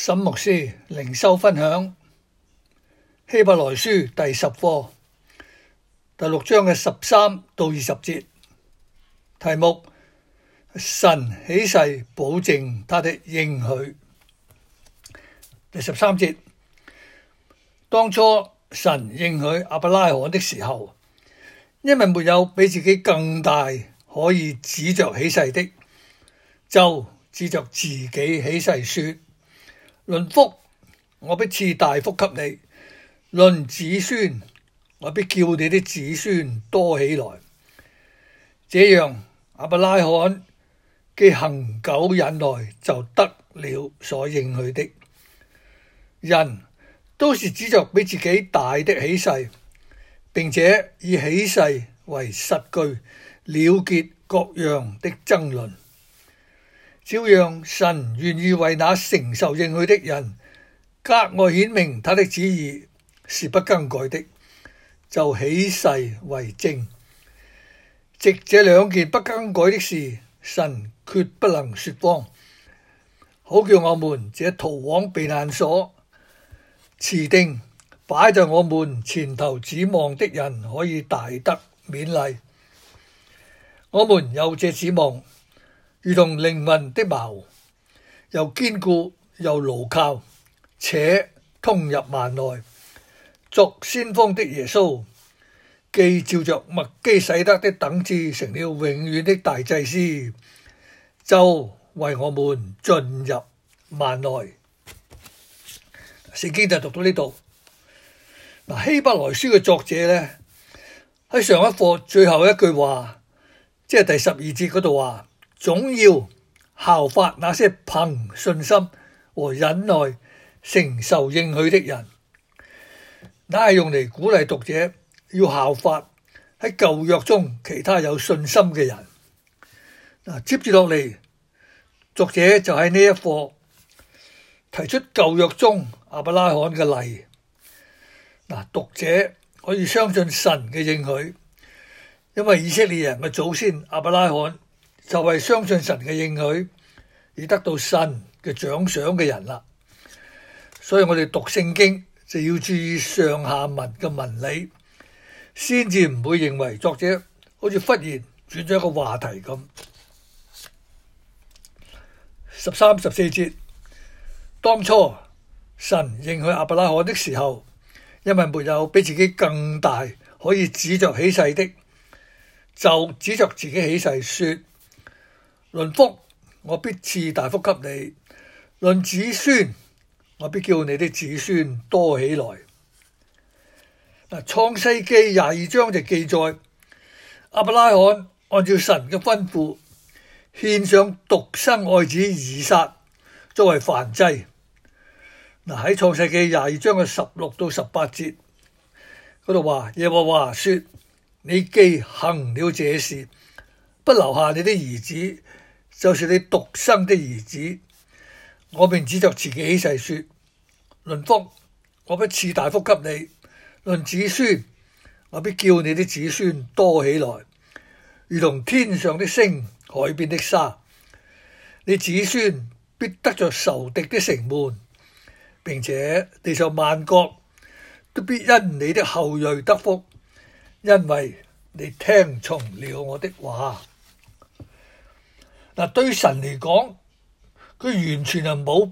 沈牧師零修分享希伯來書第十課第六章嘅十三到二十節，題目：神起誓保證他的應許。第十三節，當初神應許阿伯拉罕的時候，因為沒有比自己更大可以指着起誓的，就指着自己起誓說。論福，我必賜大福給你；論子孫，我必叫你啲子孫多起來。這樣，亞伯拉罕既恒久忍耐就得了所應許的。人都是指著比自己大的起誓，並且以起誓為實據，了結各樣的爭論。照樣，神願意為那承受應許的人格外顯明他的旨意是不更改的，就起誓為證，藉這兩件不更改的事，神決不能說謊，好叫我們這逃往避難所，持定擺在我們前頭指望的人可以大得勉勵。我們有這指望，如同靈魂的錨，又堅固又牢靠，且通入幔內。作先鋒的耶穌，既照着麥基洗德的等次，成了永遠的大祭司，就為我們進入幔內。聖經就讀到呢度。嗱，希伯來書嘅作者呢，喺上一課最後一句話，即係第十二節嗰度話，總要效法那些憑信心和忍耐承受應許的人，那係用嚟鼓勵讀者要效法喺舊約中其他有信心嘅人。嗱，接住落嚟，作者就喺呢一課提出舊約中亞伯拉罕嘅例。嗱，讀者可以相信神嘅應許，因為以色列人嘅祖先亞伯拉罕。就係相信神嘅應許而得到神嘅獎賞嘅人啦，所以我哋讀聖經就要注意上下文嘅文理，先至唔會認為作者好似忽然轉咗一個話題咁。十三、十四節，當初神應許阿伯拉罕的時候，因為沒有比自己更大可以指着起世的，就指着自己起世說。論福，我必賜大福給你；論子孫，我必叫你的子孫多起來。嗱，《創世記》廿二章就記載，亞伯拉罕按照神嘅吩咐，獻上獨生愛子以撒作為燔祭。嗱，喺《創世記》廿二章嘅十六到十八節嗰度話，耶和華說：你既行了這事，不留下你的兒子。就是你獨生的兒子，我便指着自己起誓說：論福，我必賜大福給你；論子孫，我必叫你的子孫多起來，如同天上的星、海邊的沙。你子孫必得着仇敵的城門，並且地上萬國都必因你的後裔得福，因為你聽從了我的話。嗱，對於神嚟講，佢完全係冇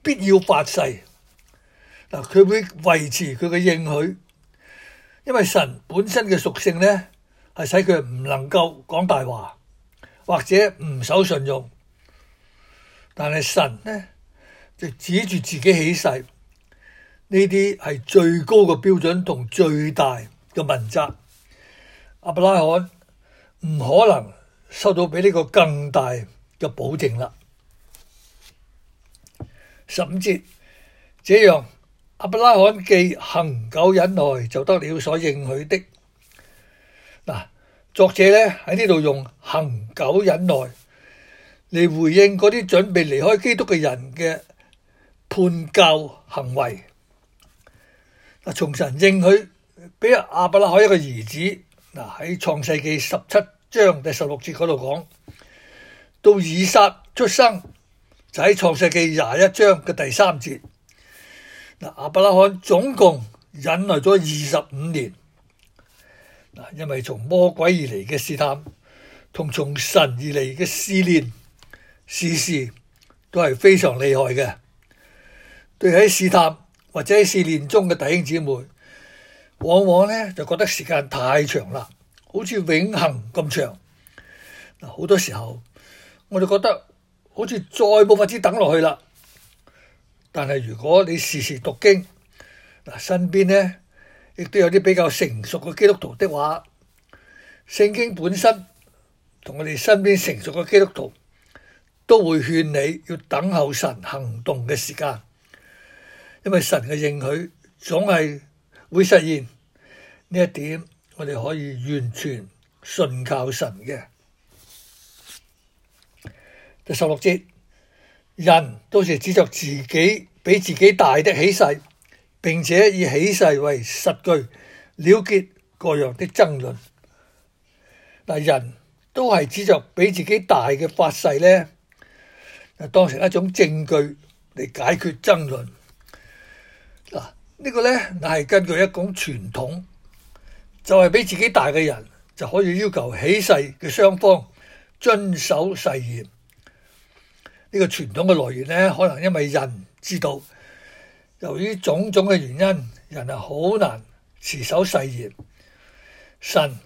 必要發誓。嗱，佢會維持佢嘅應許，因為神本身嘅屬性咧，係使佢唔能夠講大話，或者唔守信用。但係神咧，就指住自己起誓，呢啲係最高嘅標準同最大嘅問責。亞伯拉罕唔可能收到比呢個更大嘅保證啦。十五節，這樣亞伯拉罕既恒久忍耐，就得了所應許的。嗱，作者呢喺呢度用恒久忍耐嚟回應嗰啲準備離開基督嘅人嘅叛教行為。嗱，從神應許俾亞伯拉罕一個兒子，嗱喺創世記十七。章第十六節嗰度講，到以撒出生就喺創世紀廿一章嘅第三節。嗱，亞伯拉罕總共忍耐咗二十五年。嗱，因為從魔鬼而嚟嘅試探，同從神而嚟嘅試煉，時時都係非常厲害嘅。對喺試探或者喺試煉中嘅弟兄姊妹，往往呢就覺得時間太長啦。好似永恆咁長，嗱，好多時候我哋覺得好似再冇法子等落去啦。但係如果你時時讀經，嗱，身邊咧亦都有啲比較成熟嘅基督徒的話，聖經本身同我哋身邊成熟嘅基督徒都會勸你要等候神行動嘅時間，因為神嘅應許總係會實現呢一點。我哋可以完全信靠神嘅。第十六節，人都是指着自己比自己大的起誓，並且以起誓為實據了結各樣的爭論。但人都係指着比自己大嘅發誓呢，就當成一種證據嚟解決爭論。嗱，呢個呢，嗱係根據一種傳統。就係比自己大嘅人，就可以要求起誓嘅雙方遵守誓言。呢個傳統嘅來源呢，可能因為人知道由於種種嘅原因，人係好難持守誓言。神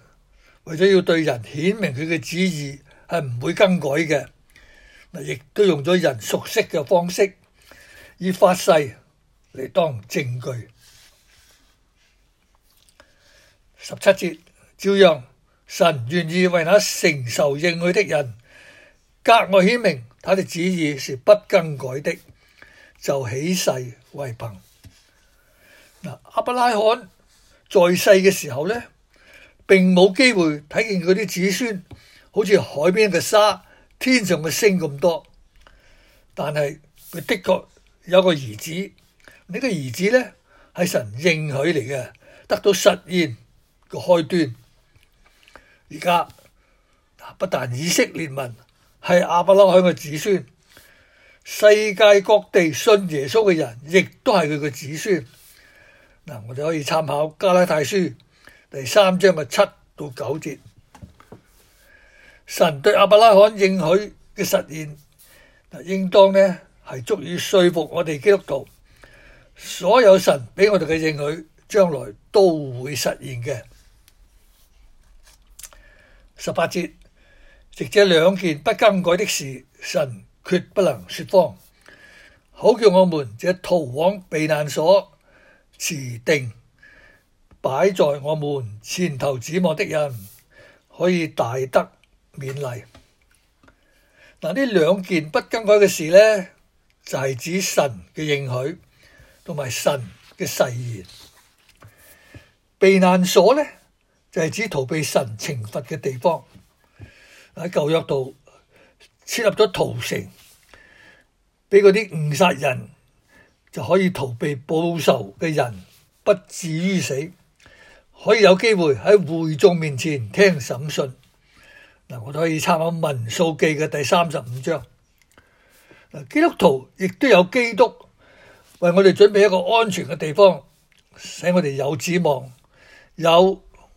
為咗要對人顯明佢嘅旨意，係唔會更改嘅。亦都用咗人熟悉嘅方式，以發誓嚟當證據。十七節，照樣，神願意為那承受應許的人格外顯明他的旨意是不更改的，就起誓為憑。嗱、啊，亞伯拉罕在世嘅時候咧，並冇機會睇見佢啲子孫好似海邊嘅沙，天上嘅星咁多，但係佢的確有個兒子。呢，那個兒子咧係神應許嚟嘅，得到實現。個開端，而家不但以色列民係阿伯拉罕嘅子孫，世界各地信耶穌嘅人亦都係佢嘅子孫。嗱，我哋可以參考加拉太書第三章嘅七到九節，神對阿伯拉罕的應許嘅實現，嗱，應當呢係足以說服我哋基督徒。所有神俾我哋嘅應許，將來都會實現嘅。十八節，藉這兩件不更改的事，神決不能說謊，好叫我們這逃往避難所持定，擺在我們前頭指望的人，可以大得勉勵。嗱，呢兩件不更改嘅事呢，就係、是、指神嘅應許同埋神嘅誓言，避難所呢。就係指逃避神懲罰嘅地方，喺舊約度設立咗逃城，俾嗰啲誤殺人就可以逃避報仇嘅人不至於死，可以有機會喺會眾面前聽審訊。嗱，我哋可以參考《民數記》嘅第三十五章。嗱，基督徒亦都有基督為我哋準備一個安全嘅地方，使我哋有指望有。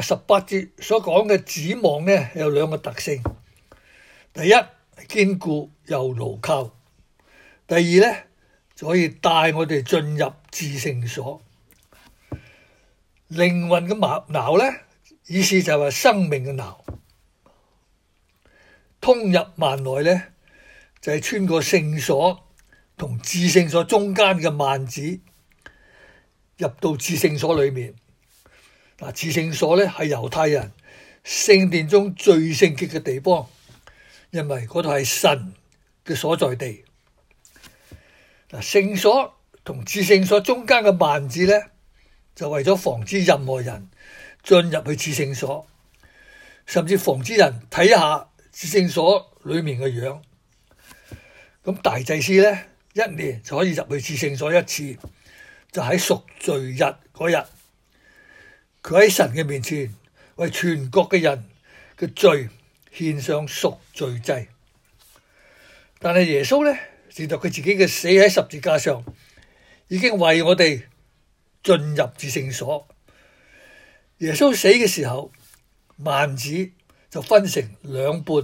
十八節所講嘅指望咧，有兩個特性。第一，堅固又牢靠；第二咧，就可以帶我哋進入至聖所。靈魂嘅錨咧，意思就係話生命嘅錨，通入幔內咧，就係、是、穿過聖所同至聖所中間嘅幔子，入到至聖所裏面。嗱，至聖所咧係猶太人聖殿中最聖潔嘅地方，因為嗰度係神嘅所在地。嗱，聖所同至聖所中間嘅幔子咧，就為咗防止任何人進入去至聖所，甚至防止人睇下至聖所裏面嘅樣。咁大祭司咧，一年就可以入去至聖所一次，就喺贖罪日嗰日。佢喺神嘅面前為全國嘅人嘅罪獻上贖罪祭，但係耶穌咧，藉住佢自己嘅死喺十字架上，已經為我哋進入至聖所。耶穌死嘅時候，幔子就分成兩半，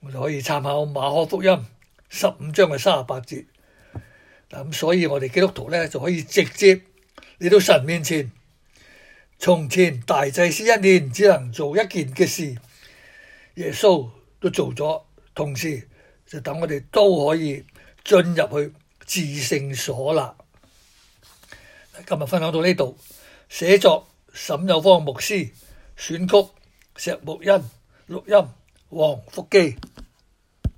我哋就可以參考馬可福音十五章嘅三十八節。嗱咁，所以我哋基督徒咧就可以直接嚟到神面前。從前大祭司一年只能做一件嘅事，耶穌都做咗，同時就等我哋都可以進入去至聖所啦。今日分享到呢度，寫作沈有方牧師，選曲石木恩，錄音黃福基。